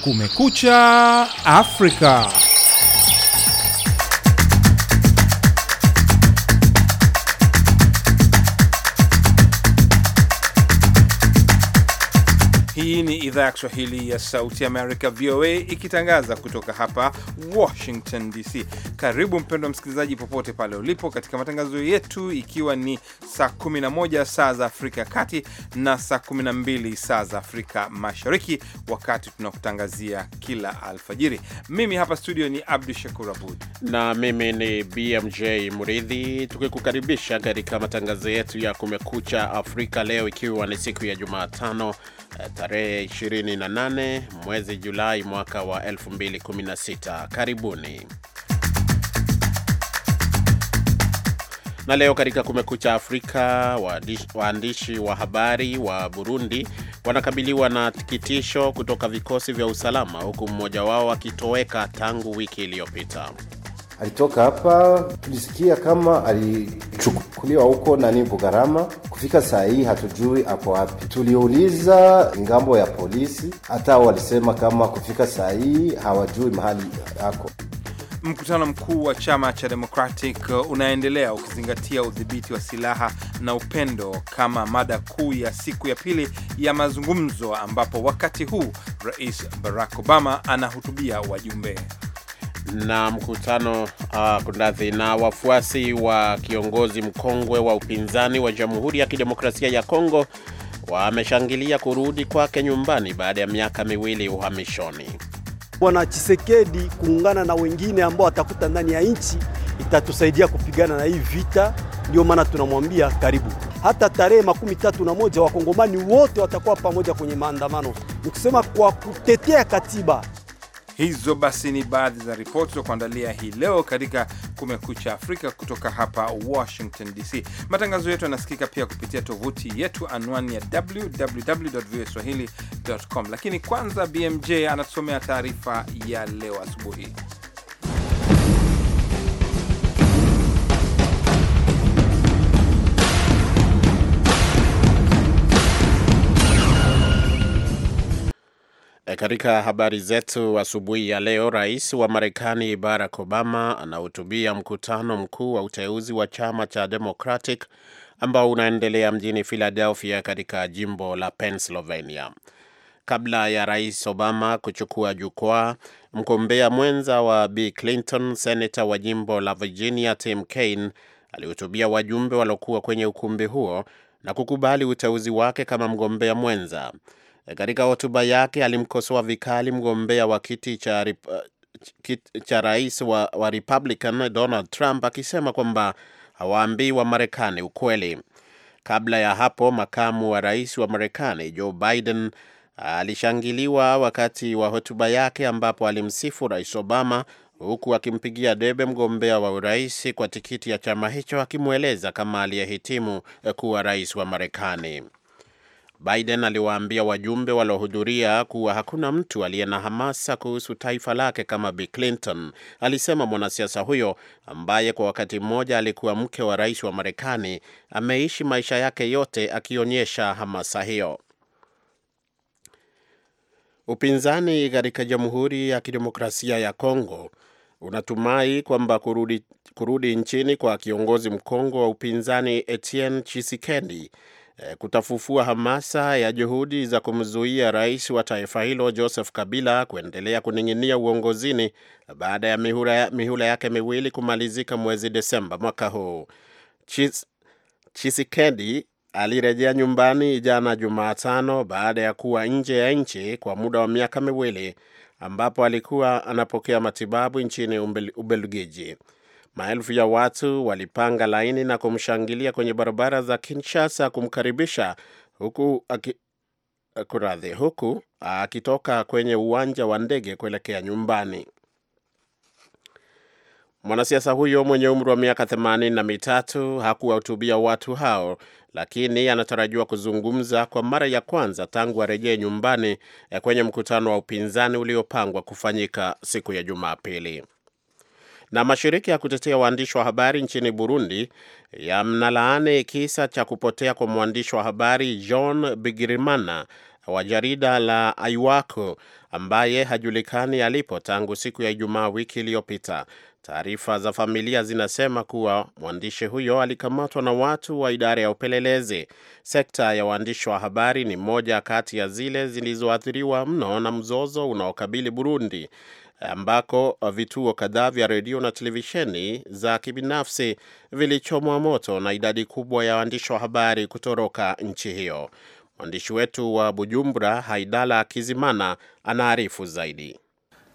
Kumekucha Afrika. Hii ni idhaa ya Kiswahili ya Sauti Amerika, VOA, ikitangaza kutoka hapa Washington DC. Karibu mpendwa msikilizaji, popote pale ulipo, katika matangazo yetu, ikiwa ni saa 11 saa za Afrika ya Kati na saa 12 saa za Afrika Mashariki, wakati tunakutangazia kila alfajiri. Mimi hapa studio ni Abdu Shakur Abud na mimi ni BMJ Muridhi, tukikukaribisha katika matangazo yetu ya Kumekucha Afrika leo, ikiwa ni siku ya Jumatano Eh, tarehe 28 mwezi Julai mwaka wa 2016. Karibuni. Na leo katika Kumekucha Afrika, waandishi wa habari wa Burundi wanakabiliwa na kitisho kutoka vikosi vya usalama, huku mmoja wao akitoweka tangu wiki iliyopita. Alitoka hapa tulisikia kama alichukuliwa huko nani Bugarama, kufika saa hii hatujui ako wapi. Tuliuliza ngambo ya polisi, hata walisema kama kufika saa hii hawajui mahali yako. Mkutano mkuu wa chama cha Democratic unaendelea ukizingatia udhibiti wa silaha na upendo kama mada kuu ya siku ya pili ya mazungumzo, ambapo wakati huu Rais Barack Obama anahutubia wajumbe na mkutano uh, ah, kundathi na wafuasi wa kiongozi mkongwe wa upinzani wa Jamhuri ya Kidemokrasia ya Kongo wameshangilia kurudi kwake nyumbani baada ya miaka miwili uhamishoni. Bwana Chisekedi kuungana na wengine ambao watakuta ndani ya nchi itatusaidia kupigana na hii vita, ndio maana tunamwambia karibu. Hata tarehe makumi tatu na moja wakongomani wote watakuwa pamoja kwenye maandamano, nikusema kwa kutetea katiba Hizo basi ni baadhi za ripoti za kuandalia hii leo katika Kumekucha Afrika kutoka hapa Washington DC. Matangazo yetu yanasikika pia kupitia tovuti yetu, anwani ya www.voaswahili.com. Lakini kwanza, BMJ anatusomea taarifa ya leo asubuhi. E, katika habari zetu asubuhi ya leo, rais wa Marekani Barack Obama anahutubia mkutano mkuu wa uteuzi wa chama cha Democratic ambao unaendelea mjini Philadelphia katika jimbo la Pennsylvania. Kabla ya rais Obama kuchukua jukwaa, mgombea mwenza wa Bill Clinton, senata wa jimbo la Virginia Tim Kaine, alihutubia wajumbe waliokuwa kwenye ukumbi huo na kukubali uteuzi wake kama mgombea mwenza. Katika hotuba yake alimkosoa vikali mgombea wa kiti cha uh, cha rais wa, wa Republican Donald Trump akisema kwamba hawaambii wa Marekani ukweli. Kabla ya hapo, makamu wa rais wa Marekani Joe Biden alishangiliwa wakati wa hotuba yake ambapo alimsifu Rais Obama huku akimpigia debe mgombea wa urais kwa tikiti ya chama hicho akimweleza kama aliyehitimu eh, kuwa rais wa Marekani. Biden aliwaambia wajumbe waliohudhuria kuwa hakuna mtu aliye na hamasa kuhusu taifa lake kama Bill Clinton. Alisema mwanasiasa huyo ambaye kwa wakati mmoja alikuwa mke wa rais wa Marekani ameishi maisha yake yote akionyesha hamasa hiyo. Upinzani katika Jamhuri ya Kidemokrasia ya Kongo unatumai kwamba kurudi, kurudi nchini kwa kiongozi mkongo wa upinzani Etienne Tshisekedi Eh, kutafufua hamasa ya juhudi za kumzuia rais wa taifa hilo Joseph Kabila kuendelea kuning'inia uongozini baada ya mihula, mihula yake miwili kumalizika mwezi Desemba mwaka huu. chisikedi Chisekedi alirejea nyumbani jana Jumatano baada ya kuwa nje ya nchi kwa muda wa miaka miwili ambapo alikuwa anapokea matibabu nchini Ubelgiji. Maelfu ya watu walipanga laini na kumshangilia kwenye barabara za Kinshasa kumkaribisha huku aki, kuradhi huku akitoka kwenye uwanja wa ndege kuelekea nyumbani. Mwanasiasa huyo mwenye umri wa miaka themanini na mitatu hakuwahutubia watu hao, lakini anatarajiwa kuzungumza kwa mara ya kwanza tangu arejee nyumbani eh, kwenye mkutano wa upinzani uliopangwa kufanyika siku ya Jumapili. Na mashirika ya kutetea waandishi wa habari nchini Burundi yamnalaani kisa cha kupotea kwa mwandishi wa habari John Bigirimana wa jarida la Aiwako ambaye hajulikani alipo tangu siku ya Ijumaa wiki iliyopita. Taarifa za familia zinasema kuwa mwandishi huyo alikamatwa na watu wa idara ya upelelezi. Sekta ya waandishi wa habari ni moja kati ya zile zilizoathiriwa mno na mzozo unaokabili Burundi, ambako vituo kadhaa vya redio na televisheni za kibinafsi vilichomwa moto na idadi kubwa ya waandishi wa habari kutoroka nchi hiyo. Mwandishi wetu wa Bujumbura, Haidala Kizimana, anaarifu zaidi.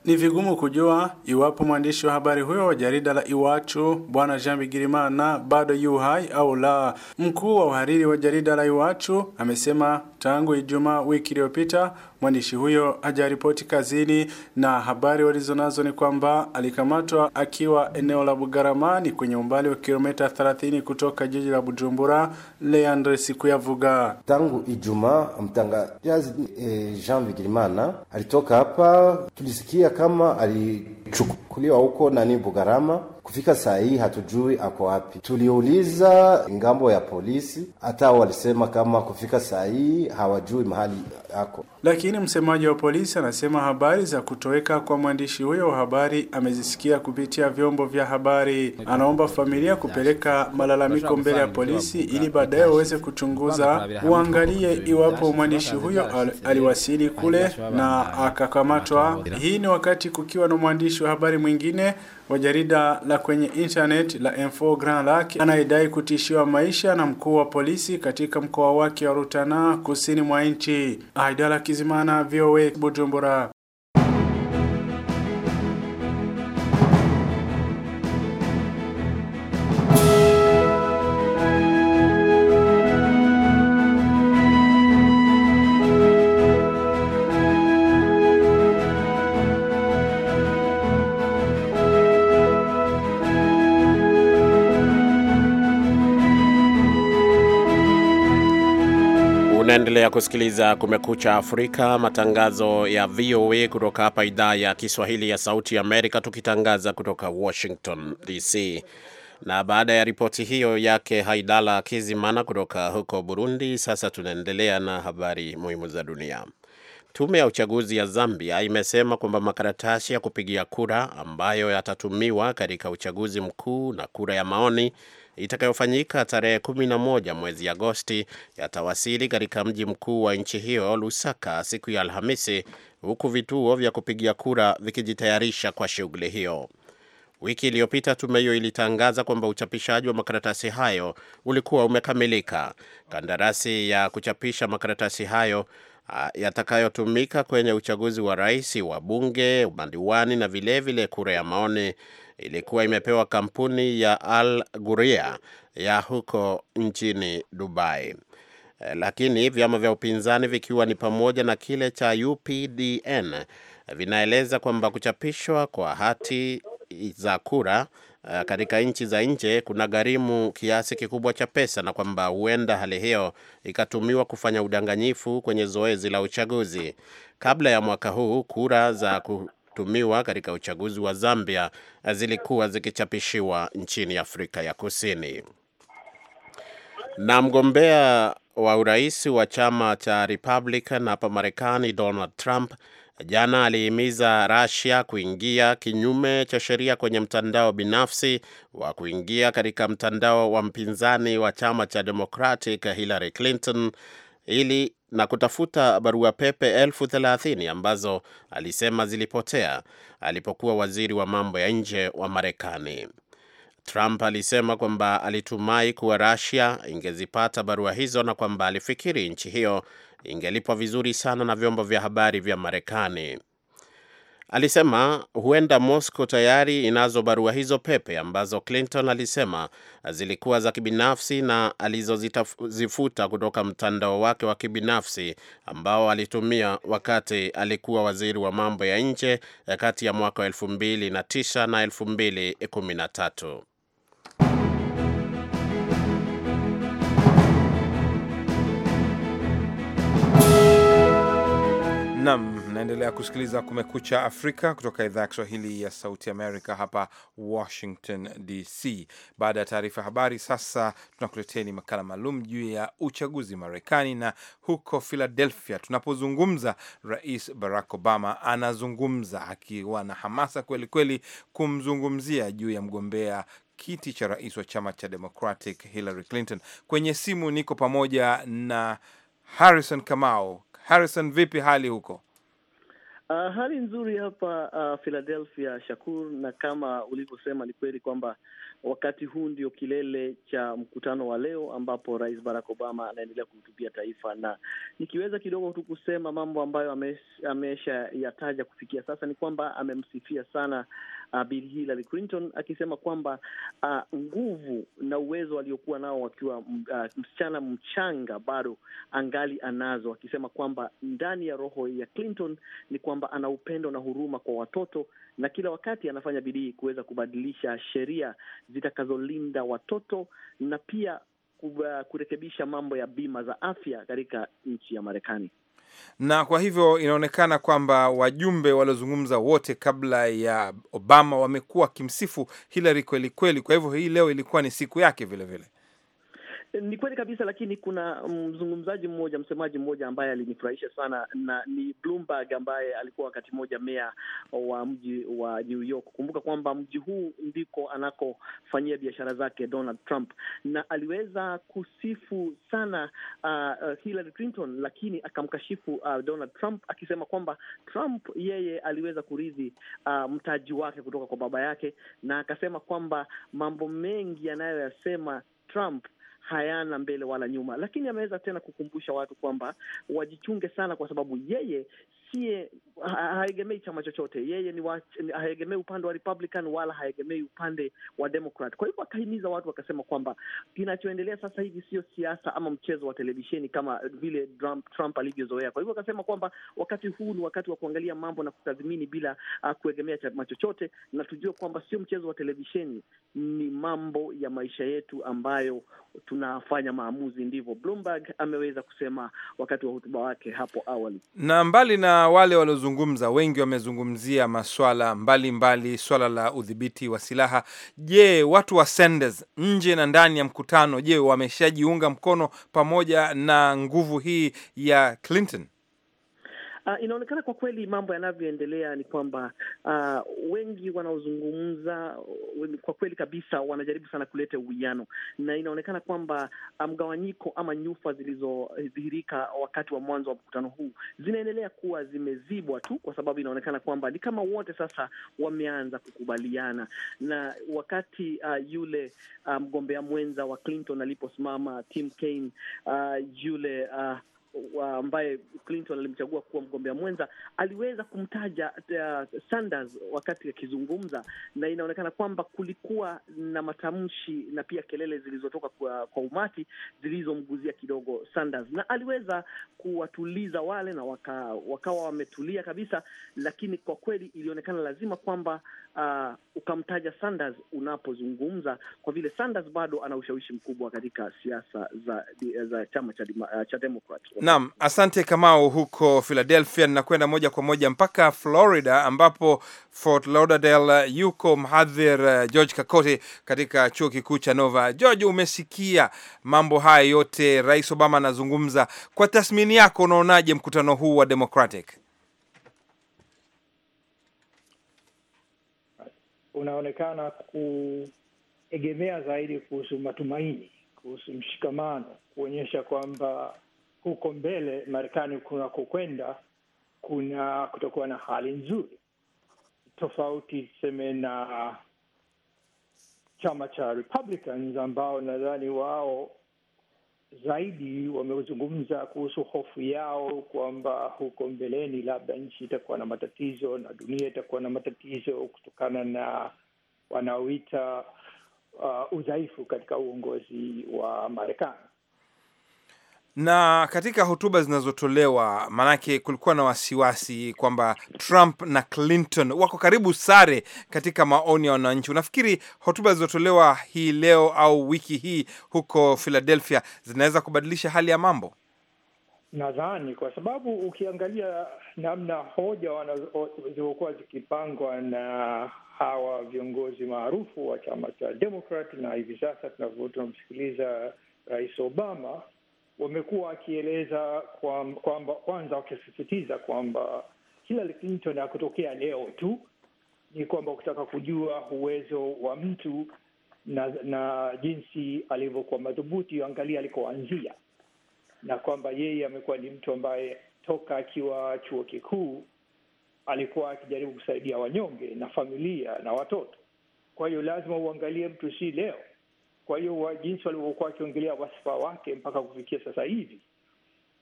Ni vigumu kujua iwapo mwandishi wa habari huyo wa jarida la Iwachu Bwana Jean Bigirimana bado yu hai au la. Mkuu wa uhariri wa jarida la Iwachu amesema Tangu Ijumaa wiki iliyopita, mwandishi huyo hajaripoti kazini, na habari walizonazo ni kwamba alikamatwa akiwa eneo la Bugaramani kwenye umbali wa kilomita 30 kutoka jiji la Bujumbura. Leandre Sikuyavuga. Tangu Ijumaa mtangazaji e, eh, Jean Bigirimana alitoka hapa, tulisikia kama alichukua Kuliwa huko nani Bugarama, kufika saa hii hatujui ako wapi. Tuliuliza ngambo ya polisi, hata walisema kama kufika saa hii hawajui mahali ako. Lakini msemaji wa polisi anasema habari za kutoweka kwa mwandishi huyo wa habari amezisikia kupitia vyombo vya habari. Anaomba familia kupeleka malalamiko mbele ya polisi ili baadaye waweze kuchunguza, uangalie iwapo mwandishi huyo aliwasili kule na akakamatwa. Hii ni wakati kukiwa na mwandishi wa habari mwingine wa jarida la kwenye internet la M4 Grand Lac anayedai kutishiwa maisha na mkuu wa polisi katika mkoa wake wa Rutana kusini mwa nchi. Aidala Kizimana, VOA, Bujumbura. Unaendelea kusikiliza Kumekucha Afrika, matangazo ya VOA kutoka hapa idhaa ya Kiswahili ya Sauti Amerika, tukitangaza kutoka Washington DC. Na baada ya ripoti hiyo yake Haidala Kizimana kutoka huko Burundi, sasa tunaendelea na habari muhimu za dunia. Tume ya uchaguzi ya Zambia imesema kwamba makaratasi ya kupigia kura ambayo yatatumiwa katika uchaguzi mkuu na kura ya maoni itakayofanyika tarehe 11 mwezi Agosti yatawasili katika mji mkuu wa nchi hiyo Lusaka siku ya Alhamisi, huku vituo vya kupigia kura vikijitayarisha kwa shughuli hiyo. Wiki iliyopita tume hiyo ilitangaza kwamba uchapishaji wa makaratasi hayo ulikuwa umekamilika. Kandarasi ya kuchapisha makaratasi hayo yatakayotumika kwenye uchaguzi wa rais, wa bunge, madiwani na vilevile kura ya maoni ilikuwa imepewa kampuni ya Al Guria ya huko nchini Dubai. Eh, lakini vyama vya upinzani vikiwa ni pamoja na kile cha UPDN vinaeleza kwamba kuchapishwa kwa hati za kura eh, katika nchi za nje kuna gharimu kiasi kikubwa cha pesa na kwamba huenda hali hiyo ikatumiwa kufanya udanganyifu kwenye zoezi la uchaguzi. Kabla ya mwaka huu, kura za zilizotumiwa katika uchaguzi wa Zambia eh, zilikuwa zikichapishiwa nchini Afrika ya Kusini. Na mgombea wa urais wa chama cha Republican hapa Marekani, Donald Trump jana alihimiza Russia kuingia kinyume cha sheria kwenye mtandao binafsi wa kuingia katika mtandao wa mpinzani wa chama cha Democratic Hillary Clinton ili na kutafuta barua pepe elfu thelathini ambazo alisema zilipotea alipokuwa waziri wa mambo ya nje wa Marekani. Trump alisema kwamba alitumai kuwa Russia ingezipata barua hizo na kwamba alifikiri nchi hiyo ingelipwa vizuri sana na vyombo vya habari vya Marekani. Alisema huenda Moscow tayari inazo barua hizo pepe ambazo Clinton alisema zilikuwa za kibinafsi na alizozifuta kutoka mtandao wake wa kibinafsi ambao alitumia wakati alikuwa waziri wa mambo ya nje kati ya mwaka 29 na 2013. Naam. Unaendelea kusikiliza Kumekucha Afrika kutoka idhaa ya Kiswahili ya Sauti Amerika hapa Washington DC. Baada ya taarifa ya habari, sasa tunakuleteni makala maalum juu ya uchaguzi Marekani na huko Philadelphia tunapozungumza, Rais Barack Obama anazungumza akiwa na hamasa kwelikweli kweli, kumzungumzia juu ya mgombea kiti cha rais wa chama cha Democratic Hillary Clinton. Kwenye simu niko pamoja na Harrison Kamau. Harrison, vipi hali huko? Uh, hali nzuri hapa uh, Philadelphia Shakur, na kama ulivyosema ni kweli kwamba wakati huu ndio kilele cha mkutano wa leo ambapo Rais Barack Obama anaendelea kuhutubia taifa, na nikiweza kidogo tu kusema mambo ambayo ameshayataja kufikia sasa ni kwamba amemsifia sana uh, Bi Hillary Clinton akisema kwamba uh, nguvu na uwezo aliokuwa nao akiwa mm, uh, msichana mchanga bado angali anazo, akisema kwamba ndani ya roho ya Clinton ni kwamba ana upendo na huruma kwa watoto na kila wakati anafanya bidii kuweza kubadilisha sheria zitakazolinda watoto na pia kurekebisha mambo ya bima za afya katika nchi ya Marekani na kwa hivyo inaonekana kwamba wajumbe waliozungumza wote kabla ya Obama wamekuwa wakimsifu Hillary kweli kweli. Kwa hivyo hii leo ilikuwa ni siku yake vilevile vile. Ni kweli kabisa, lakini kuna mzungumzaji mmoja, msemaji mmoja ambaye alinifurahisha sana na ni Bloomberg ambaye alikuwa wakati mmoja meya wa mji wa New York. Kumbuka kwamba mji huu ndiko anakofanyia biashara zake Donald Trump, na aliweza kusifu sana uh, uh Hillary Clinton, lakini akamkashifu uh, Donald Trump akisema kwamba Trump yeye aliweza kuridhi uh, mtaji wake kutoka kwa baba yake, na akasema kwamba mambo mengi anayoyasema Trump hayana mbele wala nyuma, lakini ameweza tena kukumbusha watu kwamba wajichunge sana, kwa sababu yeye Msikie haegemei chama chochote, yeye ni haegemei upande wa Republican wala haegemei upande wa Democrat. Kwa hivyo akahimiza watu wakasema kwamba kinachoendelea sasa hivi sio siasa ama mchezo wa televisheni kama vile Trump, Trump alivyozoea. Kwa hivyo akasema kwamba wakati huu ni wakati wa kuangalia mambo na kutathmini bila uh, kuegemea chama chochote, na tujue kwamba sio mchezo wa televisheni, ni mambo ya maisha yetu ambayo tunafanya maamuzi. Ndivyo Bloomberg ameweza kusema wakati wa hotuba wake hapo awali, na mbali na wale waliozungumza, wengi wamezungumzia maswala mbalimbali mbali, swala la udhibiti wa silaha. Je, watu wa Senders nje na ndani ya mkutano, je, wameshajiunga mkono pamoja na nguvu hii ya Clinton? Uh, inaonekana kwa kweli mambo yanavyoendelea ni kwamba uh, wengi wanaozungumza kwa kweli kabisa wanajaribu sana kuleta uwiano, na inaonekana kwamba ah, mgawanyiko ama nyufa zilizodhihirika wakati wa mwanzo wa mkutano huu zinaendelea kuwa zimezibwa tu, kwa sababu inaonekana kwamba ni kama wote sasa wameanza kukubaliana, na wakati uh, yule uh, mgombea mwenza wa Clinton aliposimama Tim Kaine, uh, yule uh, ambaye Clinton alimchagua kuwa mgombea mwenza aliweza kumtaja uh, Sanders wakati akizungumza, na inaonekana kwamba kulikuwa na matamshi na pia kelele zilizotoka kwa, kwa umati zilizomguzia kidogo Sanders, na aliweza kuwatuliza wale na waka, wakawa wametulia kabisa, lakini kwa kweli ilionekana lazima kwamba uh, ukamtaja Sanders unapozungumza kwa vile Sanders bado ana ushawishi mkubwa katika siasa za, za chama cha, uh, cha Democrat. Naam, asante kamao huko Philadelphia. Ninakwenda moja kwa moja mpaka Florida ambapo Fort Lauderdale yuko mhadhir eh, George Kakoti katika chuo kikuu cha Nova. George, umesikia mambo haya yote, Rais Obama anazungumza. Kwa tathmini yako, unaonaje mkutano huu wa Democratic? Unaonekana kuegemea zaidi kuhusu matumaini, kuhusu mshikamano, kuonyesha kwamba huko mbele Marekani kunakokwenda kuna kutokuwa na hali nzuri, tofauti tuseme na chama cha Republicans ambao nadhani wao zaidi wamezungumza kuhusu hofu yao kwamba huko mbeleni labda nchi itakuwa na matatizo na dunia itakuwa na matatizo kutokana na wanaoita uh, udhaifu katika uongozi wa Marekani na katika hotuba zinazotolewa, maanake kulikuwa na wasiwasi kwamba Trump na Clinton wako karibu sare katika maoni ya wananchi. Unafikiri hotuba zilizotolewa hii leo au wiki hii huko Philadelphia zinaweza kubadilisha hali ya mambo? Nadhani kwa sababu ukiangalia namna hoja zilizokuwa zikipangwa na hawa viongozi maarufu wa chama cha Democrat na hivi sasa tunamsikiliza Rais Obama wamekuwa wakieleza kwamba kwa kwanza, wakisisitiza kwamba Hillary Clinton akutokea leo tu, ni kwamba ukitaka kujua uwezo wa mtu na na jinsi alivyokuwa madhubuti, angalia alikoanzia, na kwamba yeye amekuwa ni mtu ambaye toka akiwa chuo kikuu alikuwa akijaribu kusaidia wanyonge na familia na watoto. Kwa hiyo lazima uangalie mtu si leo kwa hiyo jinsi walivyokuwa wakiongelea wasifa wake mpaka kufikia sasa hivi,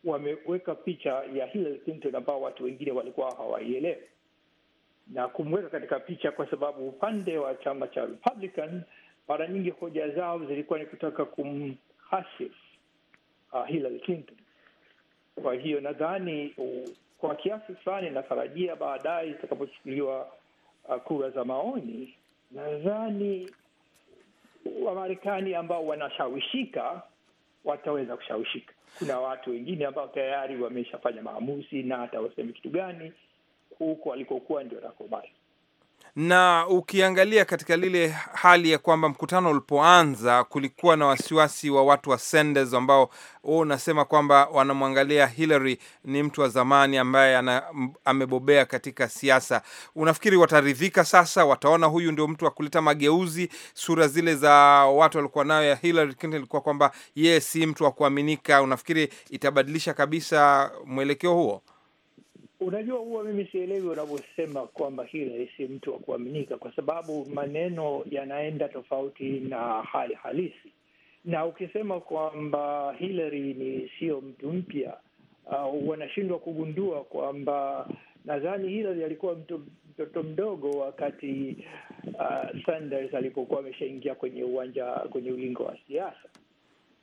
wameweka picha ya Hillary Clinton ambao watu wengine walikuwa hawaielewi na kumweka katika picha, kwa sababu upande wa chama cha Republican mara nyingi hoja zao zilikuwa ni kutaka kumhasi uh, Hillary Clinton. Kwa hiyo nadhani uh, kwa kiasi fulani natarajia baadaye zitakapochukuliwa uh, kura za maoni, nadhani Wamarekani ambao wanashawishika wataweza kushawishika. Kuna watu wengine ambao tayari wameshafanya maamuzi na hata waseme kitu gani huko alikokuwa ndio nakobali na ukiangalia katika lile hali ya kwamba mkutano ulipoanza kulikuwa na wasiwasi wa watu wa Sanders ambao oh, unasema kwamba wanamwangalia Hillary ni mtu wa zamani ambaye ana, amebobea katika siasa. Unafikiri wataridhika sasa? Wataona huyu ndio mtu wa kuleta mageuzi? Sura zile za watu walikuwa nayo ya Hillary Clinton ilikuwa kwamba yeye si mtu wa kuaminika. Unafikiri itabadilisha kabisa mwelekeo huo? Unajua, huwa mimi sielewi wanavyosema kwamba Hillary si mtu wa kuaminika, kwa sababu maneno yanaenda tofauti na hali halisi, na ukisema kwamba Hillary ni sio mtu mpya uh, wanashindwa kugundua kwamba nadhani Hillary alikuwa mtu mtoto mdogo wakati uh, Sanders alipokuwa ameshaingia kwenye uwanja, kwenye ulingo wa siasa.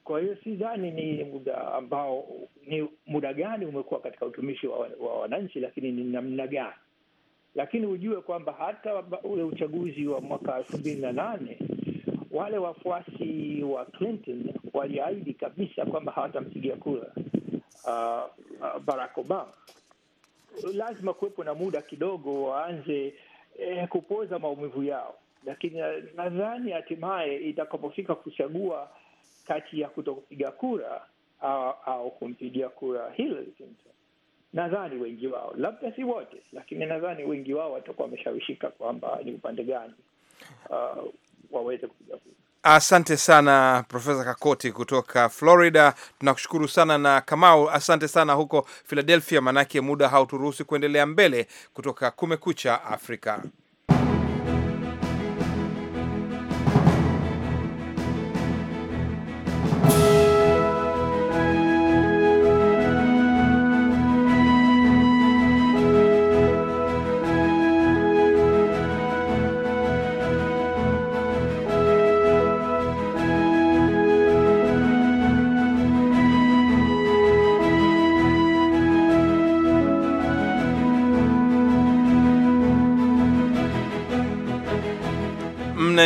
Kwa hiyo sidhani ni muda ambao ni muda gani umekuwa katika utumishi wa, wa wananchi, lakini ni namna gani. Lakini ujue kwamba hata ule uchaguzi wa mwaka elfu mbili na nane wale wafuasi wa Clinton waliahidi kabisa kwamba hawatampigia kura uh, uh, Barack Obama. Lazima kuwepo na muda kidogo waanze eh, kupoza maumivu yao, lakini ah, nadhani hatimaye itakapofika kuchagua kati ya kuto kura au, au kumpigia kura Hillary Clinton. Nadhani wengi wao, labda si wote, lakini nadhani wengi wao watakuwa wameshawishika kwamba ni upande gani uh, waweze kupiga kura. Asante sana Profesa Kakoti kutoka Florida, tunakushukuru sana na Kamau, asante sana huko Philadelphia, maanake muda hauturuhusi kuendelea mbele kutoka Kumekucha Afrika.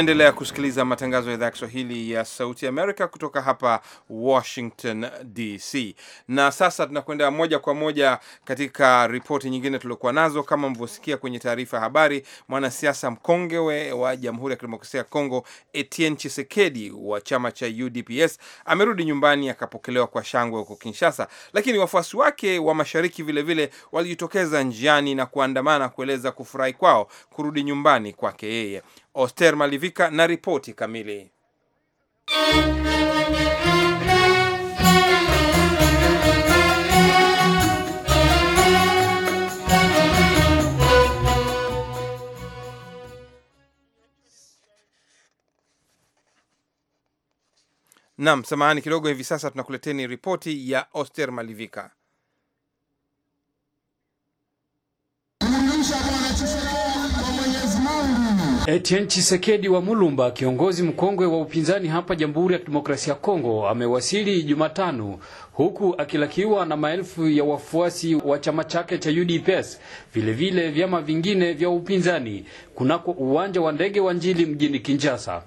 Unaendelea kusikiliza matangazo ya idhaa ya Kiswahili ya Sauti Amerika kutoka hapa Washington DC, na sasa tunakwenda moja kwa moja katika ripoti nyingine tuliokuwa nazo. Kama mlivyosikia kwenye taarifa ya habari, mwanasiasa mkongewe wa Jamhuri ya Kidemokrasia ya Kongo Etienne Chisekedi wa chama cha UDPS amerudi nyumbani akapokelewa kwa shangwe huko Kinshasa, lakini wafuasi wake wa mashariki vilevile walijitokeza njiani na kuandamana kueleza kufurahi kwao kurudi nyumbani kwake yeye. Oster Malivika na ripoti kamili. Nam, samahani kidogo, hivi sasa tunakuleteni ripoti ya Oster Malivika. Etienne Chisekedi wa Mulumba, kiongozi mkongwe wa upinzani hapa Jamhuri ya Kidemokrasia ya Kongo, amewasili Jumatano huku akilakiwa na maelfu ya wafuasi wa chama chake cha UDPS, vilevile vyama vingine vya upinzani kunako uwanja wa ndege wa Njili mjini Kinshasa.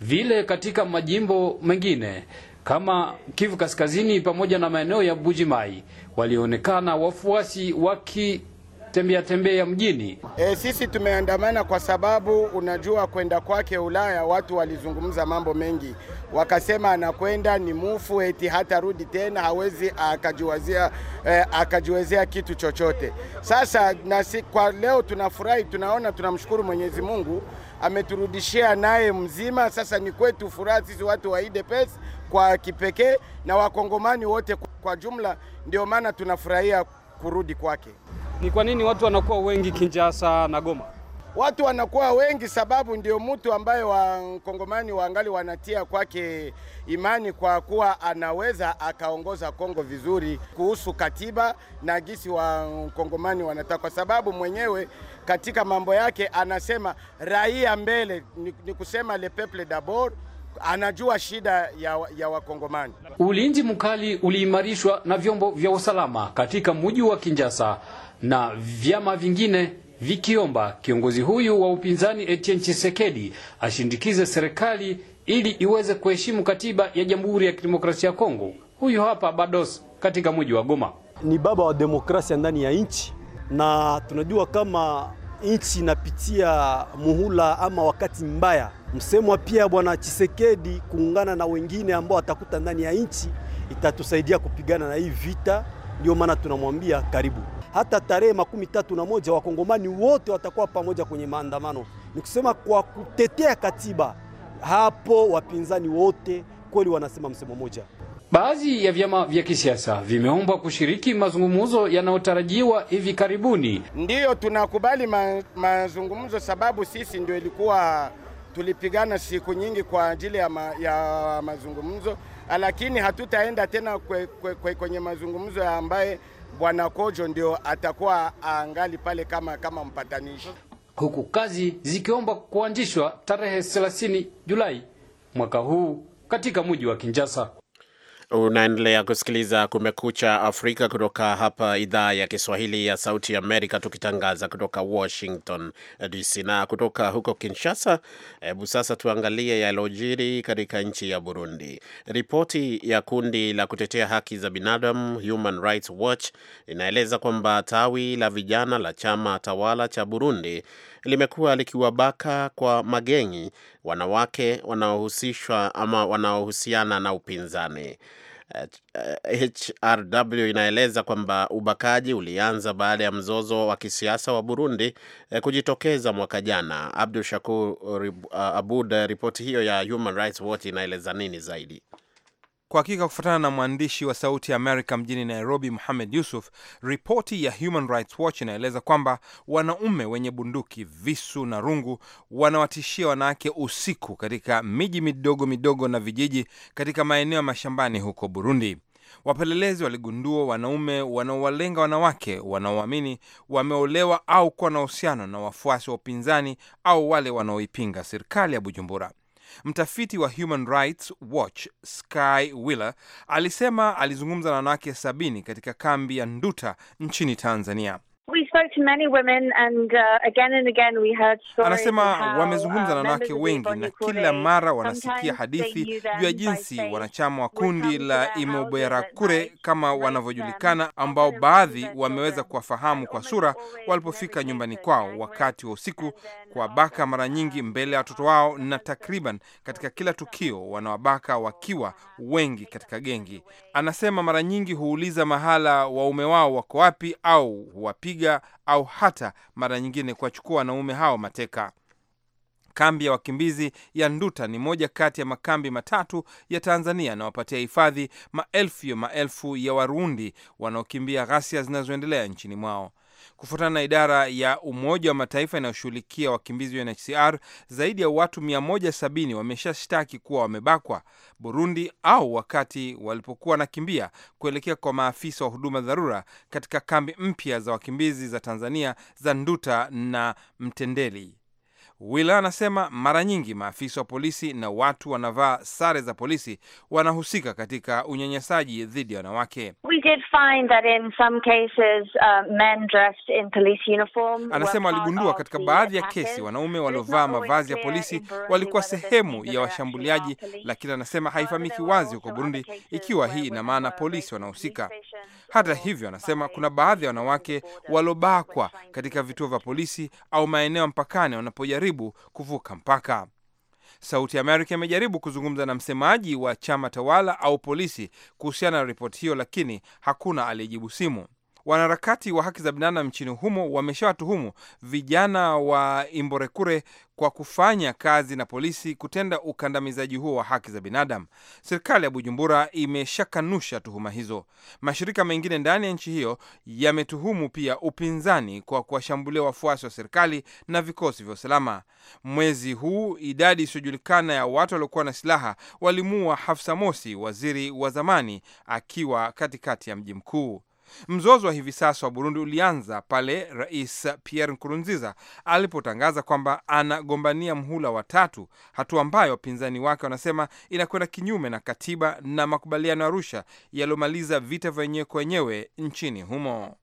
Vile katika majimbo mengine kama Kivu Kaskazini pamoja na maeneo ya Bujimai walionekana wafuasi waki tembea tembea mjini. E, sisi tumeandamana kwa sababu unajua kwenda kwake Ulaya watu walizungumza mambo mengi, wakasema anakwenda ni mufu, eti hata rudi tena, hawezi akajiwazia e, akajiwezea kitu chochote. Sasa nasi kwa leo tunafurahi, tunaona tunamshukuru Mwenyezi Mungu ameturudishia naye mzima. Sasa ni kwetu furaha sisi watu wa UDPS kwa kipekee na wakongomani wote kwa jumla, ndio maana tunafurahia kurudi kwake. Ni kwa nini watu wanakuwa wengi Kinshasa na Goma? Watu wanakuwa wengi sababu ndio mtu ambaye wakongomani waangali wanatia kwake imani kwa kuwa anaweza akaongoza Kongo vizuri kuhusu katiba na gisi wakongomani wanataka, kwa sababu mwenyewe katika mambo yake anasema raia mbele, ni, ni kusema le peuple d'abord anajua shida ya, ya Wakongomani. Ulinzi mkali uliimarishwa na vyombo vya usalama katika mji wa kinjasa na vyama vingine vikiomba kiongozi huyu wa upinzani Etienne chisekedi ashindikize serikali ili iweze kuheshimu katiba ya Jamhuri ya Kidemokrasia ya Kongo. Huyu hapa Bados katika mji wa Goma. Ni baba wa demokrasia ndani ya nchi, na tunajua kama nchi inapitia muhula ama wakati mbaya msemwa pia bwana Chisekedi kuungana na wengine ambao atakuta ndani ya nchi itatusaidia kupigana na hii vita. Ndio maana tunamwambia karibu. Hata tarehe makumi tatu na moja wakongomani wote watakuwa pamoja kwenye maandamano, ni kusema kwa kutetea katiba. Hapo wapinzani wote kweli wanasema msemo moja. Baadhi ya vyama vya kisiasa vimeomba kushiriki mazungumzo yanayotarajiwa hivi karibuni. Ndiyo tunakubali ma mazungumzo, sababu sisi ndio ilikuwa tulipigana siku nyingi kwa ajili ya, ma, ya mazungumzo, lakini hatutaenda tena kwe, kwe, kwe, kwenye mazungumzo ya ambaye bwana Kojo ndio atakuwa angali pale kama, kama mpatanishi, huku kazi zikiomba kuanzishwa tarehe 30 Julai mwaka huu katika mji wa Kinshasa. Unaendelea kusikiliza Kumekucha Afrika kutoka hapa idhaa ya Kiswahili ya Sauti Amerika, tukitangaza kutoka Washington DC na kutoka huko Kinshasa. Hebu sasa tuangalie yalojiri katika nchi ya Burundi. Ripoti ya kundi la kutetea haki za binadamu Human Rights Watch inaeleza kwamba tawi la vijana la chama tawala cha Burundi limekuwa likiwabaka kwa magengi wanawake wanaohusishwa ama wanaohusiana na upinzani. HRW eh, eh, inaeleza kwamba ubakaji ulianza baada ya mzozo wa kisiasa wa Burundi eh, kujitokeza mwaka jana. Abdul Shakur ah, Abud, ripoti hiyo ya Human Rights Watch inaeleza nini zaidi? Kwa hakika kufuatana na mwandishi wa Sauti ya Amerika mjini Nairobi, Muhamed Yusuf, ripoti ya Human Rights Watch inaeleza kwamba wanaume wenye bunduki, visu na rungu wanawatishia wanawake usiku katika miji midogo midogo na vijiji katika maeneo ya mashambani huko Burundi. Wapelelezi waligundua wanaume wanaowalenga wanawake wanaoamini wameolewa au kuwa na uhusiano na wafuasi wa upinzani au wale wanaoipinga serikali ya Bujumbura. Mtafiti wa Human Rights Watch Sky Wheeler alisema alizungumza na wanawake sabini katika kambi ya Nduta nchini Tanzania. We Anasema wamezungumza uh, na wanawake wengi na kila mara wanasikia hadithi juu ya jinsi wanachama wa kundi la Imoberakure kama wanavyojulikana, um, ambao baadhi wameweza kuwafahamu kwa sura walipofika nyumbani kwao wakati wa usiku, kuwabaka mara nyingi mbele ya watoto wao, na takriban katika kila tukio wanawabaka wakiwa wengi katika gengi. Anasema mara nyingi huuliza mahala waume wao wako wapi au huwapiga au hata mara nyingine kuwachukua wanaume hao mateka. Kambi ya wakimbizi ya Nduta ni moja kati ya makambi matatu ya Tanzania yanawapatia hifadhi maelfu ya maelfu ya Warundi wanaokimbia ghasia zinazoendelea nchini mwao. Kufuatana na idara ya Umoja wa Mataifa inayoshughulikia wakimbizi UNHCR, zaidi ya watu 170 wameshashtaki kuwa wamebakwa Burundi au wakati walipokuwa wanakimbia kuelekea kwa maafisa wa huduma dharura katika kambi mpya za wakimbizi za Tanzania za Nduta na Mtendeli. Wila anasema mara nyingi maafisa wa polisi na watu wanavaa sare za polisi wanahusika katika unyanyasaji dhidi ya wanawake. Uh, anasema waligundua katika baadhi ya kesi wanaume waliovaa mavazi ya polisi walikuwa sehemu ya washambuliaji, lakini anasema haifamiki wazi huko Burundi ikiwa hii ina maana polisi wanahusika. Hata hivyo, anasema kuna baadhi ya wanawake waliobakwa katika vituo vya polisi au maeneo mpakani wanapojaribu karibu kuvuka mpaka. Sauti ya Amerika imejaribu kuzungumza na msemaji wa chama tawala au polisi kuhusiana na ripoti hiyo, lakini hakuna aliyejibu simu. Wanaharakati wa haki za binadamu nchini humo wameshawatuhumu vijana wa Imborekure kwa kufanya kazi na polisi kutenda ukandamizaji huo wa haki za binadamu. Serikali ya Bujumbura imeshakanusha tuhuma hizo. Mashirika mengine ndani ya nchi hiyo yametuhumu pia upinzani kwa kuwashambulia wafuasi wa serikali na vikosi vya usalama. Mwezi huu idadi isiyojulikana ya watu waliokuwa na silaha walimuua Hafsa Mosi, waziri wa zamani, akiwa katikati ya mji mkuu. Mzozo wa hivi sasa wa Burundi ulianza pale Rais Pierre Nkurunziza alipotangaza kwamba anagombania mhula wa tatu, hatua ambayo wapinzani wake wanasema inakwenda kinyume na katiba na makubaliano ya Arusha yaliyomaliza vita vyenyewe kwa wenyewe nchini humo.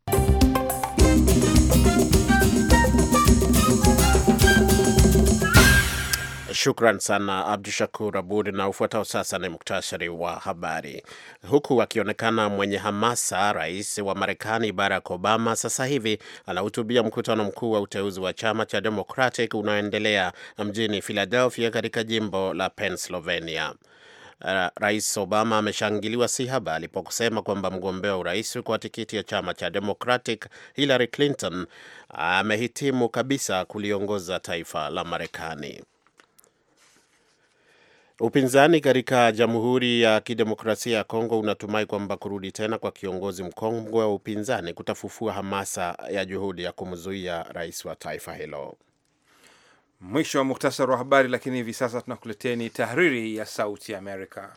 Shukran sana Abdu Shakur Abud. Na ufuatao sasa ni muktasari wa habari. Huku akionekana mwenye hamasa, rais wa Marekani Barack Obama sasa hivi anahutubia mkutano mkuu wa uteuzi wa chama cha Democratic unaoendelea mjini Philadelphia katika jimbo la Pennsylvania. Rais Obama ameshangiliwa si haba alipokusema kwamba mgombea wa urais kwa tikiti ya chama cha Democratic Hillary Clinton amehitimu kabisa kuliongoza taifa la Marekani. Upinzani katika Jamhuri ya Kidemokrasia ya Kongo unatumai kwamba kurudi tena kwa kiongozi mkongwe wa upinzani kutafufua hamasa ya juhudi ya kumzuia rais wa taifa hilo. Mwisho wa muhtasari wa habari, lakini hivi sasa tunakuleteni tahariri ya Sauti ya Amerika.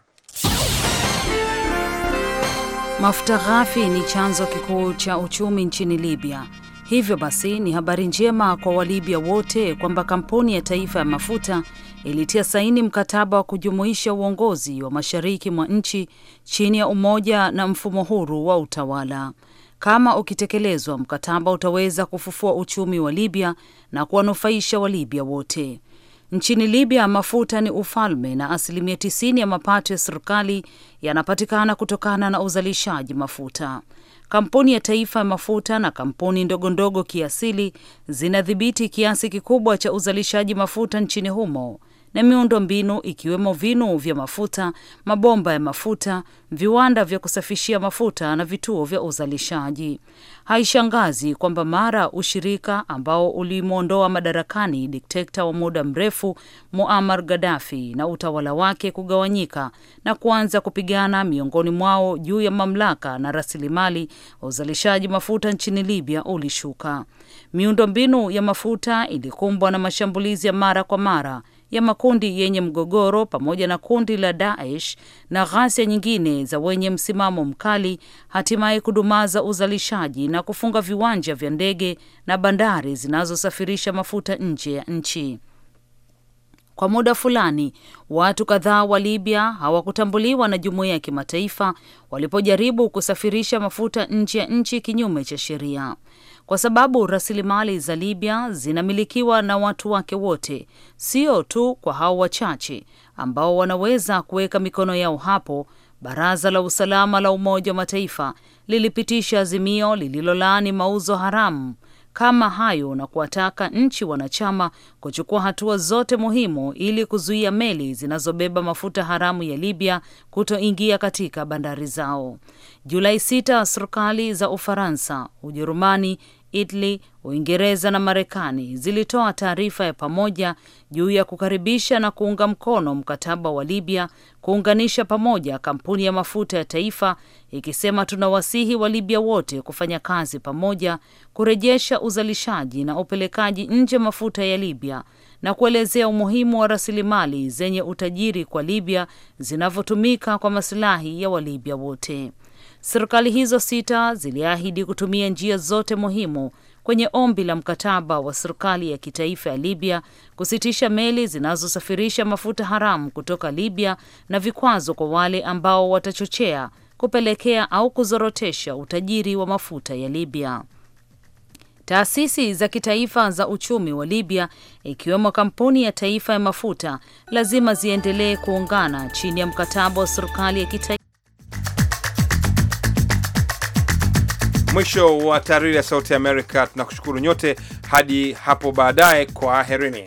Mafuta ghafi ni chanzo kikuu cha uchumi nchini Libya. Hivyo basi, ni habari njema kwa Walibya wote kwamba kampuni ya taifa ya mafuta ilitia saini mkataba wa kujumuisha uongozi wa mashariki mwa nchi chini ya umoja na mfumo huru wa utawala. Kama ukitekelezwa, mkataba utaweza kufufua uchumi wa Libya na kuwanufaisha Libya wote. Nchini Libya, mafuta ni ufalme na asilimia 90 ya mapato ya serikali yanapatikana kutokana na uzalishaji mafuta. Kampuni ya taifa ya mafuta na kampuni ndogondogo kiasili zinadhibiti kiasi kikubwa cha uzalishaji mafuta nchini humo na miundo mbinu ikiwemo vinu vya mafuta, mabomba ya mafuta, viwanda vya kusafishia mafuta na vituo vya uzalishaji. Haishangazi kwamba mara ushirika ambao ulimwondoa madarakani dikteta wa muda mrefu Muammar Gaddafi na utawala wake kugawanyika na kuanza kupigana miongoni mwao juu ya mamlaka na rasilimali, uzalishaji mafuta nchini Libya ulishuka. Miundo mbinu ya mafuta ilikumbwa na mashambulizi ya mara kwa mara ya makundi yenye mgogoro pamoja na kundi la Daesh na ghasia nyingine za wenye msimamo mkali, hatimaye kudumaza uzalishaji na kufunga viwanja vya ndege na bandari zinazosafirisha mafuta nje ya nchi. Kwa muda fulani watu kadhaa wa Libya hawakutambuliwa na jumuiya ya kimataifa walipojaribu kusafirisha mafuta nje ya nchi kinyume cha sheria kwa sababu rasilimali za Libya zinamilikiwa na watu wake wote, sio tu kwa hao wachache ambao wanaweza kuweka mikono yao hapo. Baraza la Usalama la Umoja wa Mataifa lilipitisha azimio lililolaani mauzo haramu kama hayo na kuwataka nchi wanachama kuchukua hatua zote muhimu ili kuzuia meli zinazobeba mafuta haramu ya Libya kutoingia katika bandari zao. Julai 6 serikali za Ufaransa, Ujerumani, Italy, Uingereza na Marekani zilitoa taarifa ya pamoja juu ya kukaribisha na kuunga mkono mkataba wa Libya kuunganisha pamoja kampuni ya mafuta ya taifa, ikisema tunawasihi wa Libya wote kufanya kazi pamoja kurejesha uzalishaji na upelekaji nje mafuta ya Libya na kuelezea umuhimu wa rasilimali zenye utajiri kwa Libya zinavyotumika kwa masilahi ya Walibya wote. Serikali hizo sita ziliahidi kutumia njia zote muhimu kwenye ombi la mkataba wa serikali ya kitaifa ya Libya kusitisha meli zinazosafirisha mafuta haramu kutoka Libya na vikwazo kwa wale ambao watachochea kupelekea au kuzorotesha utajiri wa mafuta ya Libya. Taasisi za kitaifa za uchumi wa Libya ikiwemo kampuni ya taifa ya mafuta lazima ziendelee kuungana chini ya mkataba wa serikali ya kitaifa Mwisho wa tahariri ya Sauti Amerika. Tunakushukuru nyote, hadi hapo baadaye, kwa herini.